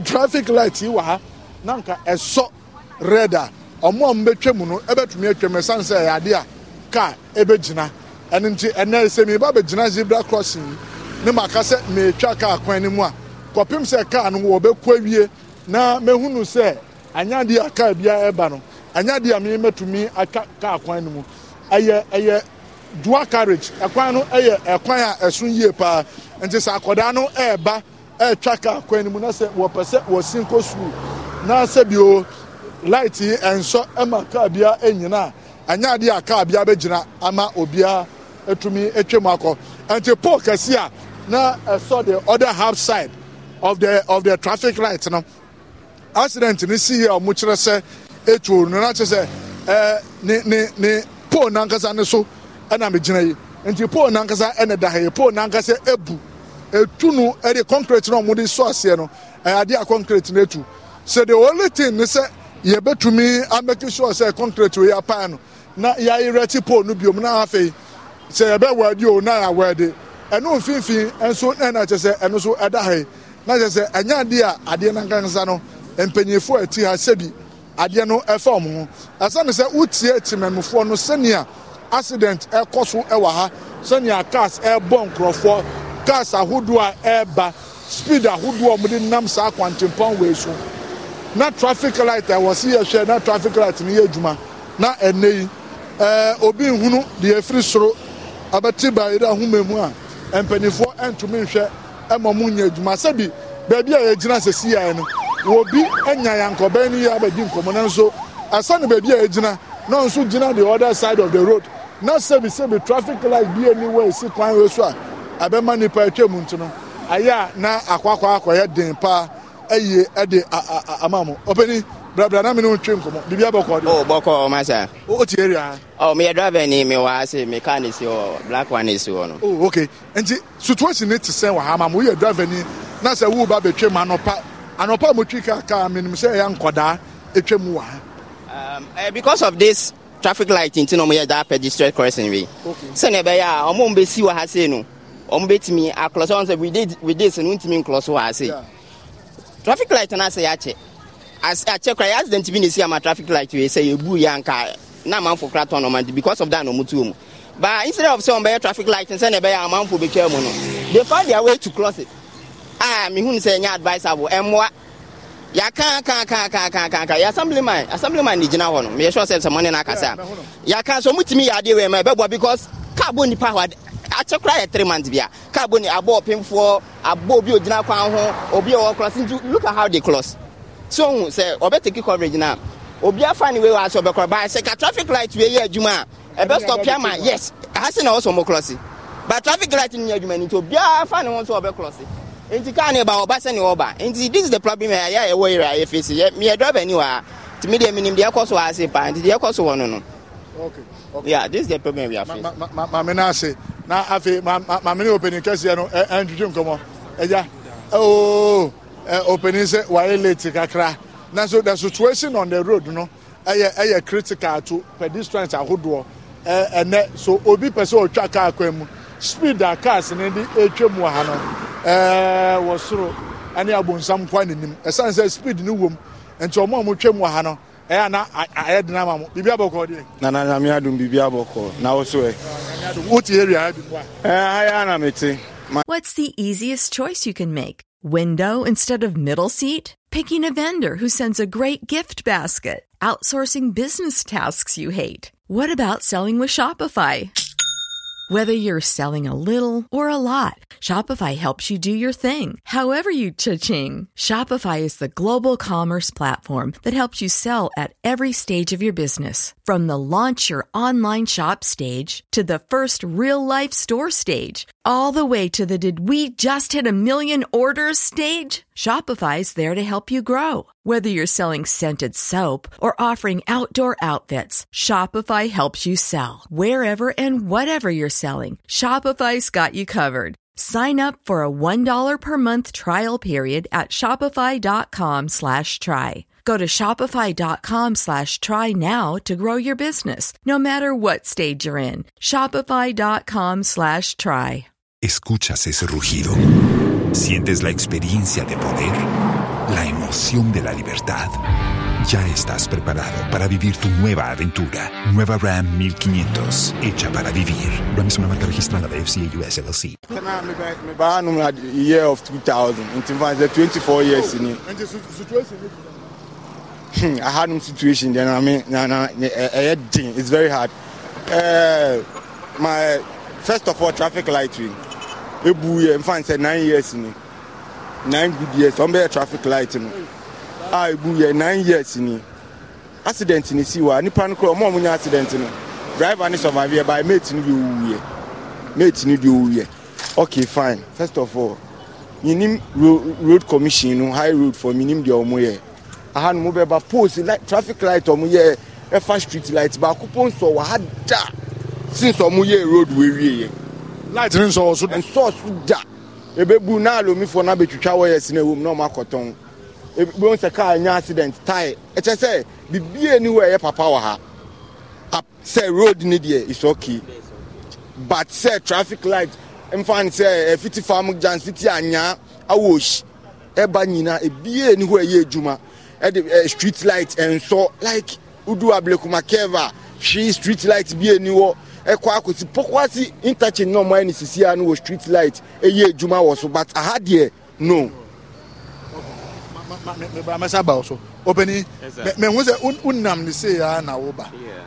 traffic light yi wɔ ha na ɛsɔ red a ɔmo a mo bɛtwa mu no ɛbɛtumi atwa mu ɛsan sɛ ɛyɛ car ɛbɛgyina ɛno nti ɛnɛ sɛ miba bɛgyina zebra crossing ne maka sɛ meetwa kaa kwan no mu a kɔpem sɛ kaa no wɔbɛkɔ awie na mehunu sɛ anya deɛ a car biara ɛba no anya deɛ a mɛtumi atwa car kwan no mu ɛyɛ ɛyɛ dua carriage ɛkwan no ɛyɛ ɛkwan a ɛso yie paa nti sɛ akɔdaa no ɛɛba ɛɛtwa kaa kwan no mu na sɛ wɔpɛ sɛ wɔsi nkɔ sukuu na sɛ bio light yi ɛnsɔ ɛma car biara ɛnyina a ɛnyɛ adeɛ a kaa biara bɛgyina ama obiara etumi atwa mu akɔ nti pole kɛse a na ɛsɔ the other half side of the of the traffic light no accident ne si yɛ a wɔn kyerɛ sɛ etu onu na kyerɛ sɛ ɛɛ ni ni ne pole nankasa ne so ɛna me gyina yi nti pole nankasa ɛna da ha yi pole nankasa ebu etu no ɛde concrete na wɔn de sɔ aseɛ no ɛyɛ adeɛ a concrete na etu so the only thing ne sɛ yɛbɛtumi amɛki sure sɛ contract wei apan no na yɛayerɛte pole no biom na afei sɛ yɛbɛwɛde o na yɛawɛde ɛno mfimfin nso ɛna kyerɛ sɛ ɛno nso ɛda ha yi na kyerɛ sɛ ɛnyɛ adeɛ a adeɛ no nkansa no mpanyinfoɔ a ɛti ha sɛbi adeɛ no ɛfa wɔn ho ɛsane sɛ wotie tìmɛmufoɔ no sɛnea accident ɛkɔ so ɛwɔ ha sɛnea cars ɛbɔ nkorɔfoɔ cars ahodoɔ a ɛɛba speed ahodoɔ a wɔde nam saa kwantempɔn wei so. na trafik lait a wɔsi yɛ na trafik lait no yɛ adwuma na ɛnɛ yi ɛɛ eh, obi nhunu deɛ efiri soro abɛti baayiri ahoma mu a mpanyinfoɔ ntumi nhwɛ ɛma mu nya adwuma sɛbi beebi a yɛgyina sɛsi yɛn no w'obi nya yankɔbɛn no yi abɛdi nkɔmɔ na nso asane beebi a yɛgyina na nso gyina the other side of the road na sɛbi sɛbi trafik lait bi eniwa esi kwan wɔ so a abɛma nipa atwa mu nti no ayɛ a na akɔ akɔ akɔyɛ den paa. ɛyie ɛde ama mo ɔpɛni brabra na mi ni o twe nkɔmɔ bibi abɔkɔ de. o oh, bɔkɔ ɔma sa. o ti eri a. ɔ mi yɛ dɔbɛ ni mi wa se mi kaa ne si wɔ black one ne si wɔ no. o oh, ok nti situation ne ti sɛn wɔ ha ma mo yɛ dɔbɛ ni na sɛ wuba bɛ twɛ mu anɔpa anɔpa mo twi kaa kaa mi sɛ ɛyɛ nkɔdaa etwa mu wa um, ha. Eh, because of this traffic light nti na ɔmo yɛ that pedestrian crossing wi. Okay. sɛnɛ bɛyɛ a ɔmo bɛ si wɔ ha se no ɔmo bɛ timi akɔlɔsɔ wɔn sɛ we did we did sɛ no ntumi nkɔlɔsɔ wɔ ha se. Yeah traffic light na asɛ yɛakyɛ akyɛ kora yɛ accident bi ne si ama traffic light wei sɛ yɛbu yɛ anka na amanfo kora tɔ nɔma nti because of that na ɔmotuo mu but instead of sɛ ɔmbɛyɛ traffic light sɛ na ɛbɛyɛ amanfo bɛtwa mu no they found their way to cross it a mehu sɛ ɛnyɛ advisable ɛmmoa yɛaka kakakakakaka yɛ assemblyman assemblyman ne gyina hɔ no meyɛ sure sɛ sɛ mɔne no akasa a yɛaka sɛ ɔmotumi yɛ adeɛ wei ma ɛbɛboa because car bɔ nnipa hɔ akyɛ kora yɛ three months bia kaa bɔ ni abɔ ɔpemfoɔ abɔ obi ogyina kwan ho obi ɔwɔ cross nti look at how they cross so ohun sɛ take coverage na obi afa ne wei wɔ ase ɔbɛkɔrɔ baa sɛ ka traffic light wei yɛ adwuma a ɛbɛ stop yam a yes ahase na ɔsɔ ɔmo cross but traffic light ni yɛ adwuma ni nti obi afa ne ho nso ɔbɛ cross nti kaa ne ba ɔba sɛ ne ɔba nti this is the problem yɛ ayɛ ɛwɔ area yɛ face yɛ mi yɛ driver ni wa tumi deɛ minim deɛ ɛkɔ so wɔ ase nti deɛ ɛkɔ so wɔ no no okay okay yeah this is the problem we are facing. Ma, ma, ma, ma, ma, ma, ma, ma, na afei maame mene opani kɛseɛ no ɛntwitwi nkɔmmɔ ɛgya oo opani sɛ wayɛ late kakra nanso the situation on the road no ɛyɛ ɛyɛ critical to pedestrians ahodoɔ ɛnɛ eh, eh, so obi pɛ sɛ ɔtwa kaa kwan mu speed a cars ne de ɛtwa mu ha no ɛɛ eh, wɔ soro ɛne abonsam kwa n'anim ɛsiane sɛ speed no wom nti ɔmo a ɔmo twa mu ha no ɛyɛ na ayɛ ma mo ɛ What's the easiest choice you can make? Window instead of middle seat? Picking a vendor who sends a great gift basket? Outsourcing business tasks you hate? What about selling with Shopify? Whether you're selling a little or a lot, Shopify helps you do your thing, however you cha-ching. Shopify is the global commerce platform that helps you sell at every stage of your business. From the launch your online shop stage to the first real life store stage all the way to the did we just hit a million orders stage? Shopify's there to help you grow. Whether you're selling scented soap or offering outdoor outfits, Shopify helps you sell. Wherever and whatever you're selling, Shopify's got you covered. Sign up for a $1 per month trial period at shopify.com slash try. Go to shopify.com slash try now to grow your business, no matter what stage you're in. Shopify.com slash try. Escuchas ese rugido. Sientes la experiencia de poder, la emoción de la libertad. Ya estás preparado para vivir tu nueva aventura. Nueva Ram 1500, hecha para vivir. Ram es una marca registrada de FCA US LLC. year of 2000. the 24 years in it. I had a situation Es I mean, Primero, nah, it's very hard. Uh, my first of all, traffic light. Wing. ebu yɛ nfa sɛ nine years ni nine good years ɔn bɛyɛ traffic light no a ah, ebu yɛ nine years ni accident ni si wa nipa no kura ɔmo a ɔmo nya accident no driver ni survive yɛ by mate ni bi owu yɛ mate ni bi owu yɛ okay fine first of all minim road road commission no high road for minim deɛ ɔmo yɛ aha no mo bɛ ba post light traffic light ɔmo yɛ ɛfa street light baako pon sɔ wɔ ha da since ɔmo yɛ road wɔ ewie yɛ light no nsɔ wɔ so ɛnsɔ so gya ebebu na alomifoɔ na betwitwa wɔyɛs na ewom na ɔmo akɔtɔn ebinom sɛ kaa nya accident tae ɛkyɛ e sɛ bibie ni wɔ ɛyɛ papa wɔ ha sɛ road ni deɛ is okay but sɛ traffic light nfa ne sɛ e ɛfiti fam jansi ti anya awo ohyi ɛba e nyinaa ebie ni hɔ ɛyɛ adwuma ɛde ɛ street light ɛnsɔ like udu abilekumake ɛva hwii street light bie ni wɔ. ɛkɔ akɔsi pɔkwasi intachin na ɔmo ayɛ ne sisi ano wɔ street light ɛyɛ adwuma wɔ so but aha deɛ no. mɛsa ba wɔ so ɔbɛni mɛhu sɛ wonam ne se yaa na woba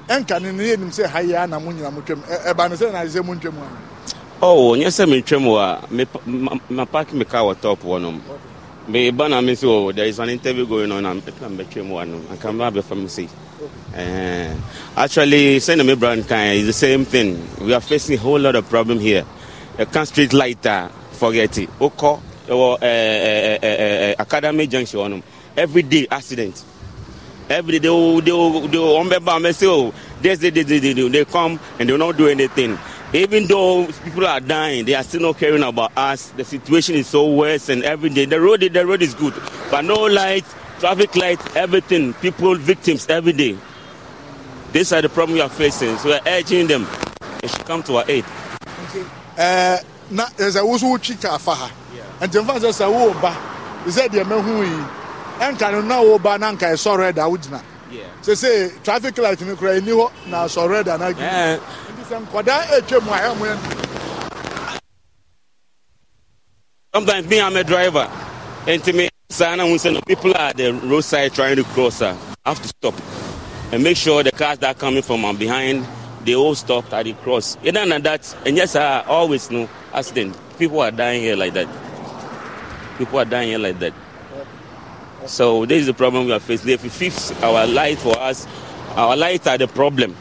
ɛnka ne ne yɛnim sɛ ha yaa na mo nyina mo twam ɛba ne sɛ na sɛ mo ntwam a ɔwɔ oh, nyɛ sɛ mentwam a mapak me car wɔ top wɔ nom meba na me sɛ ɔwɔ there is an interview going on a mepɛ pɛ mbɛtwam wɔ nom anka mbɛ abɛfa me Uh, actually, Sename Brown kind is the same thing. We are facing a whole lot of problem here. A can street lighter, forget it. Oko, or, uh, uh, Academy Junction Every day accident. Every day oh, they will, oh, they will, oh, they will say, they, they, they, come and they do not do anything. Even though people are dying, they are still not caring about us. The situation is so worse, and every day the road, the road is good, but no lights, traffic light, everything, people, victims every day. These are the problems we are facing. So we are urging them, they should come to our aid. Eh, na ɛsɛ eh, woso wo twi kaa fa ha nti nfa sɛ sɛ woba sɛ deɛ mahu yi ɛnka no na woba na nka ɛsɔre da wogyina sese traffic light no kora ɛni hɔ na sɔre da na gyi eh. nti sɛ nkɔdaa ɛtwa mu a ɛmo yɛ sometimes me I'm a driver nti me Sana Wunsen, people are at the roadside trying to cross her. I have to stop and make sure the cars that are coming from behind, they all stop at the cross. Other than that, and yes, I always know accident. People are dying here like that. People are dying here like that. So this is the problem we are facing. we fix our light for us. Our light are the problem.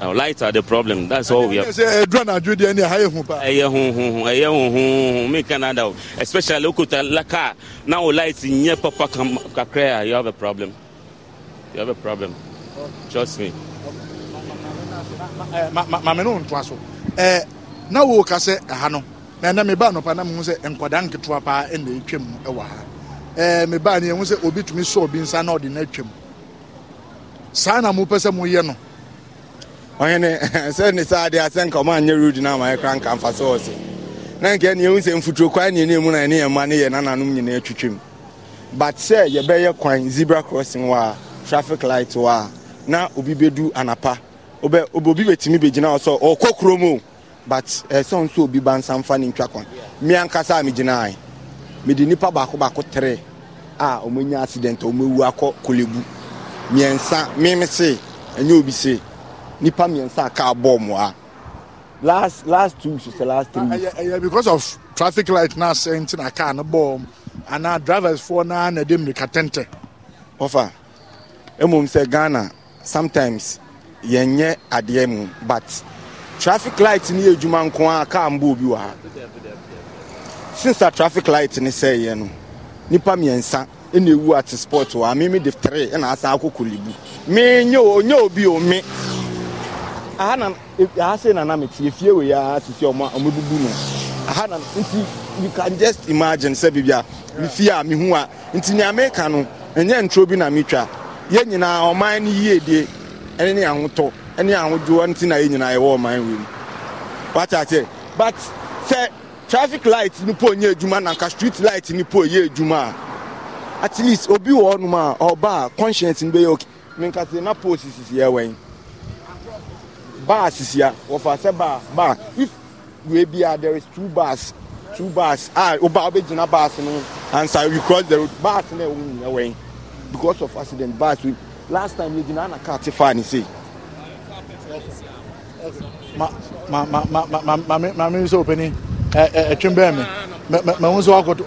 Uh, lights are the problem. That's all we have. Ẹ̀dúrà n'adúró di ẹni ẹ̀háyé hun pa. Ẹyẹ hun hun hun ẹyẹ hun hun hun mi Canada o especially okuta laka now o light nye papa kakra you have a problem you have a problem trust me. Eh, Maame no ntoa so eh, na wo ka sɛ ɛha no na ɛna meba anɔpa na mehu sɛ nkwadaa nketewa paa ɛna ɛtwam ɛwɔ ha eh, meba ne ɛhu sɛ obi tumi sɔ obi nsa na ɔde no atwam saa na mopɛ sɛ moyɛ no ɔhene sɛ ne saa adịghị asɛ nka ɔma anyɛ rude na amayɛ kra nka mfa sɛ wɔ se na nka ne yɛhu sɛ mfuturo kwan ne mụ na ɛne yɛ na ne yɛ nananom nyinaa twitwam but sɛ yɛbɛyɛ kwan zebra crossing wɔ a traffic light wɔ a na obi bedu anapa obi betumi be wɔ sɛ ɔkɔ kurom o but ɛsɛ eh, nso obi ba nsa mfa ne ntwa kwan Mmea ankasa a anyị. mede nipa baako baako tere a ọmụ ɔmanya accident a ewu akọ kolebu mmiɛnsa meme se ɛnyɛ obi se nipa mmiɛnsa a kaa bɔ ɔmo ha last last two weeks sɛ last three ah, weeks. ɛyɛ because of traffic light na asɛn ti na kaa no bɔ ɔmo ana drivers foɔ na na de mirika tɛntɛ. ɔfa emom sɛ ghana sometimes yɛn nyɛ adeɛ mu but traffic light ni yɛ adwuma nko a kaa mbɔ obi wɔ ha since a traffic light ni sɛ yɛ no nipa mmiɛnsa ɛna ewu ati sport wa mimi mímí de three ɛna asan akoko libu mí nyɛ obi o aha na e, aha sị na namiti e fie wee ya asisi ọma ọmụbubu nọ aha na nti you can just imagine sị bibia efie a mihu a nti nea meka no nye ntụrụ bi na mitwa yɛn nyinaa ọman no yie die ɛne ne ahotɔ ɛne ahodoɔ nti na yɛn nyinaa yɛwɔ ɔman wei mu wata but sɛ traffic light ni po nye adwuma nanka street light ni po yɛ adwuma a at least obi wɔ hɔnom a ɔba a conscience no bɛyɛ okay menkasɛ na pool sisi yɛ wɛn. baa sisi a wɔfa sɛ baa baa if wei bi a there is two bars two bars a ɔbaa ɔbɛgyina bars no ansa you cross the road bars na ɛwɔ nyina wɛn because of accident bars wey last time yɛ gyina ana car te faa ne se. ma ma ma ma ma mi mahu sɛ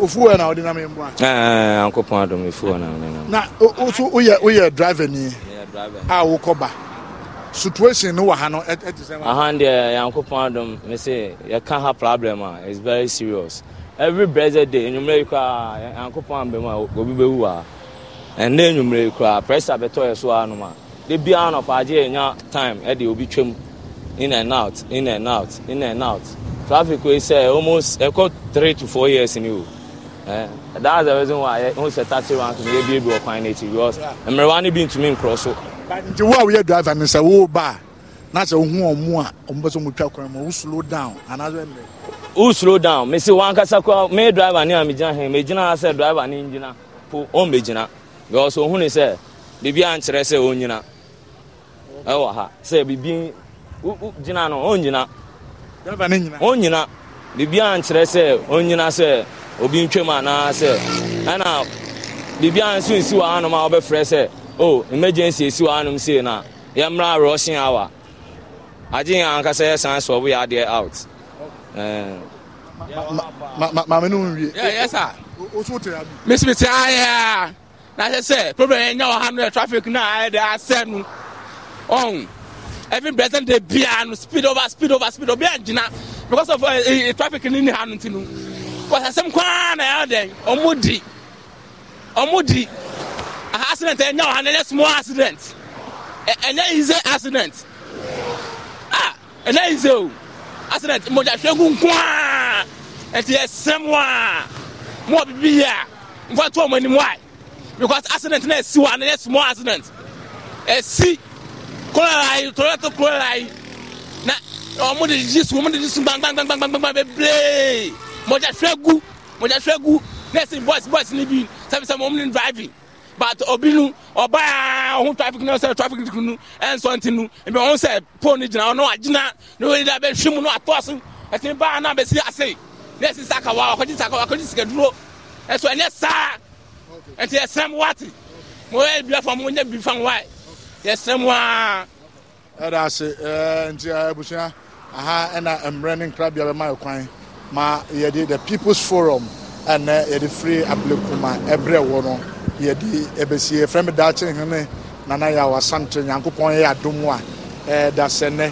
ofuo ɛ na wode nam mmoa ankopɔn adom ɛfuo na na woyɛ driver ni a wokɔ ba situation no wɔ ha no ɛte sɛ ahan deɛ nyankopɔn adom me se yɛka ha problem a it's very serious every blessed day nnwumerɛ yi koraa nyankopɔn ambɛ mu a obi bɛwu a ɛnna nnwumerɛ yi koraa pressure bɛtɔ yɛ so anom a de ano nɔpa agye yɛnya time ɛde obi twam in and out in and out in and out traffic wey sɛ almost ɛkɔ three to four years ni o ɛɛ that's the reason why ɛho sɛ thirty rank mi yɛ bie bi wɔ n'akyi because mmerɛwa ni bi ntumi nkorɔ so. nti wo a woyɛ driver no sɛ woba a na sɛ wohu ɔmo a ɔmo bɛ sɛ ɔmo twa kwan mu wo slow down anaasɛ mmerɛ wo slow down mesi wankasa kora me driver ne a megyina he megyina sɛ driver ne ngyina po ɔmmɛgyina because ohun ni sɛ biribi ankyerɛ sɛ ɔnnyina ɛwɔ ha sɛ biribi gyina no ɔnnyina ɔnnyina biribi ankyerɛ sɛ ɔnnyina sɛ obi ntwam anaa ɛna biribi anso nsi wɔ hanom a wɔbɛfrɛ sɛ o oh, emergency esi hɔ anom sei na yamara rushing hour agye yɛ ankasa yɛ san so ɔbo yɛ adeɛ out maame no nwie yɛ sa ti ayɛ na sɛ sɛ problem yɛnya wɔ ha no yɛ traffic no ayɛ de asɛ no ɔn every present day biara no speed over speed over speed n agyina because of eh, eh, traffic no ni ha no nti no wɔsɛsɛm koraa na ɔmo di ɔmo di accident ɛnyɛ ɔha no ɛnyɛ small accident ɛnyɛ easy accident a ɛnyɛ easy o accident mogyahwɛ nku nko a ɛnti ɛsɛ mo a mo a bibi yɛ a nfa to ɔmo anim wae because accident na ɛsi hɔ a ɛnyɛ small accident ɛsi kɔlɔla yi tɔlɔtɔ kɔlɔla yi na ɔmo de gyi so ɔmo de gyi so gbangbangbangbangba bebree mogyahwɛ gu mogyahwɛ gu na ɛsi boys boys ni bi sɛbisɛbi ɔmo ni driving but obi nu ɔba aa ɔho traffic na sɛ traffic nu ɛnso nti nu ebi ɔho sɛ pole ne gyina ɔno agyina ne wɔn yɛda bɛ hwim no ato ase ɛsɛn baa na bɛsi ase ne ɛsi saka wa ɔkɔgye saka wa ɔkɔgye sika duro ɛso ɛnyɛ saa ɛnti ɛsɛm wate mo yɛ bi afɔ mo nyɛ bi fan wa yɛsɛm waa. ɛda ase ɛɛ nti abusua aha ɛna mmerɛ ne nkrabea bɛma yɛ kwan ma yɛde the people's forum ɛnɛ yɛde firi abilékuma ɛbrɛ wɔ no yɛde ɛbɛsi yɛfrɛ mi daakye hene nana yɛ awasante nyankopɔn yɛ adum a ɛɛda sɛ nɛ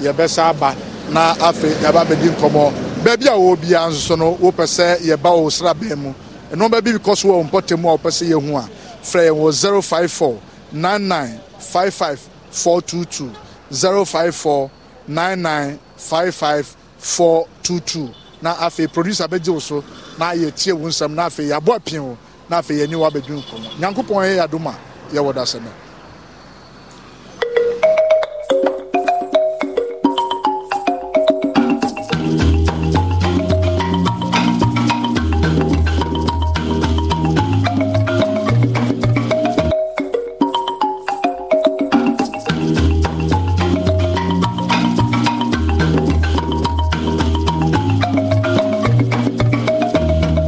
yɛbɛsa aba na afei yaba abɛdi nkɔmɔ baabi a wɔ nso no wopɛ sɛ yɛba wɔ sraban mu nneɛma bi kɔ so wɔ mpɔtɛmu a wopɛ sɛ yɛhu a frɛ yɛn wɔ zero five four nine nine five five four two two zero five four nine nine five five four two two na afei producer bɛgye wo so na yɛtie wo nsɛm na afei yɛabɔ apin wo na afei yɛn aniwa bɛdwi nkɔmɔ nyankopɔn yɛ yɛ adom a